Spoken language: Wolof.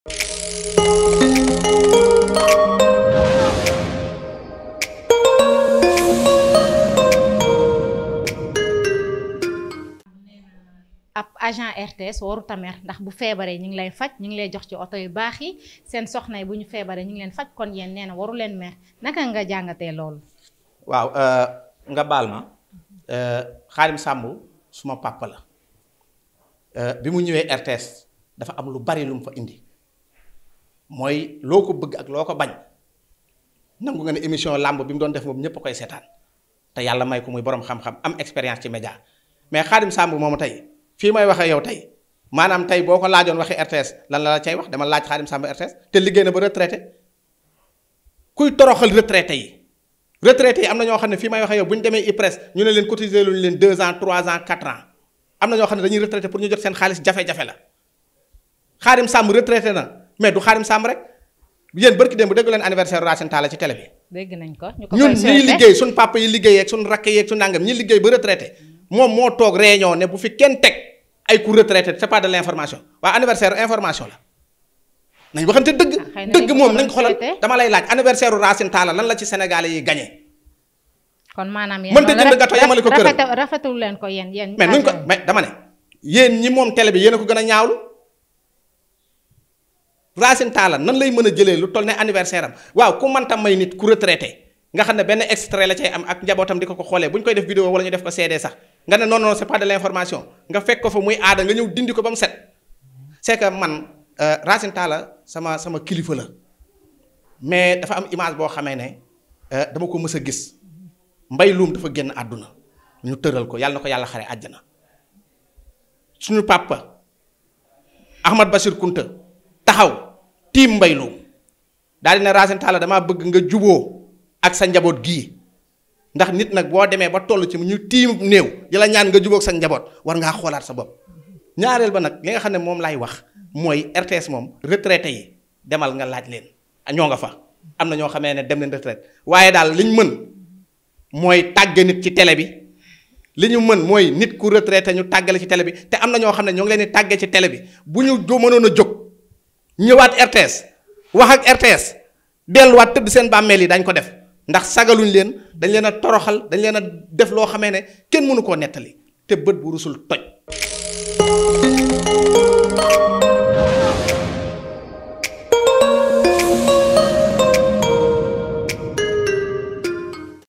ab agent RTS warut a mer ndax bu feebaree ñu ngi lay faj ñu ngi lay jox ci oto yu baax yi seen soxna yi bu ñu feebaree ñu ngi leen faj kon yéen nee na waru leen mer naka nga jàngatee loolu. waaw euh, nga baal ma euh, Xaadim Sàmb suma papa la euh, bi mu ñëwee RTS dafa am lu bari lu mu fa indi mooy loo ko bëgg ak loo ko bañ nangu nga ne émission làmb bi mu doon def moom ñëpp koy seetaan te yàlla may ko muy borom xam-xam am expérience ci média mais Xaadim Samb moomu tey fii may waxee yow tey maanaam tey boo ko laajoon waxi RTS lan la la cay wax dama laaj Xaadim Samb RTS te liggéey na ba retraité kuy toroxal retraité yi retraité yi am na ñoo xam ne fii may waxee yow bu ñu demee IPRES ñu ne leen cotiser luñu leen 2 ans 3 ans 4 ans xam ne dañuy retraité pour ñu jot seen xaalis jafe-jafe la Xaadim Samb retraité na. mais du Xaadim Samb rek yéen barki dem bu dégg leen anniversaire Racine Talla ci télé bi. dégg nañ ko ñu ko ñun ñuy liggéey suñ papa yi liggéey ak suñ rakk yi suñ nangam ñi liggéey ba retraité moom moo toog réunion ne bu fi kenn teg ay ku retraité c'est pas de l'information waaye anniversaire information la. nañ waxante dëgg ah, dëgg moom nañ ko xoolal dama lay laaj anniversaire Racine Talla lan la ci sénégalais yi gagné. kon maanaam yéen mënta jënd gâteau yamale ko kër leen ko yéen yéen mais nuñ ko mais dama ne yéen yéen ko gën a ñaawlu Racine Talla nan lay mën a jëlee lu toll ne anniversaire am waaw ku manta may nit ku traité nga xam ne benn extrait la cay am ak njabootam di ko ko xoolee bu ñu koy def vidéo wala ñu def ko CD sax nga ne non non c'est pas de l'information nga fekk ko fa muy aada nga ñëw dindi ko ba mu set c'est que man euh, Racine Talla sama sama kilifa la mais dafa am image boo xamee ne euh, dama ko mës a gis mbay luum dafa génn àdduna ñu tëral ko yàlla na ko yàlla xare àjjana suñu papa Ahmad Bachir Kounta taxaw tiim mbay lu daal di ne Racine Talla damaa bëgg nga juboo ak sa njaboot gii ndax nit nag boo demee ba toll ci ñu tiim néew di ñaan nga juboo ak sa njaboot war ngaa xoolaat sa bopp ñaareel ba nag li nga xam ne moom laay wax mooy RTS moom retraité yi demal nga laaj leen ñoo nga fa am na ñoo xam ne dem leen retraite waaye daal liñ mën mooy tàgge nit ci tele bi li ñu mën mooy nit ku retraité ñu tàggale ci télé bi te am na ñoo xam ne ñoo ngi leen tàggee ci télé bi ñëwaat RTS wax ak RTS delluwaat tëdd seen bàmmeel yi dañ ko def ndax sagaluñ leen dañ leen a toroxal dañu leen a def loo xamee ne kenn mënu koo nettali te bët bu rusul toj.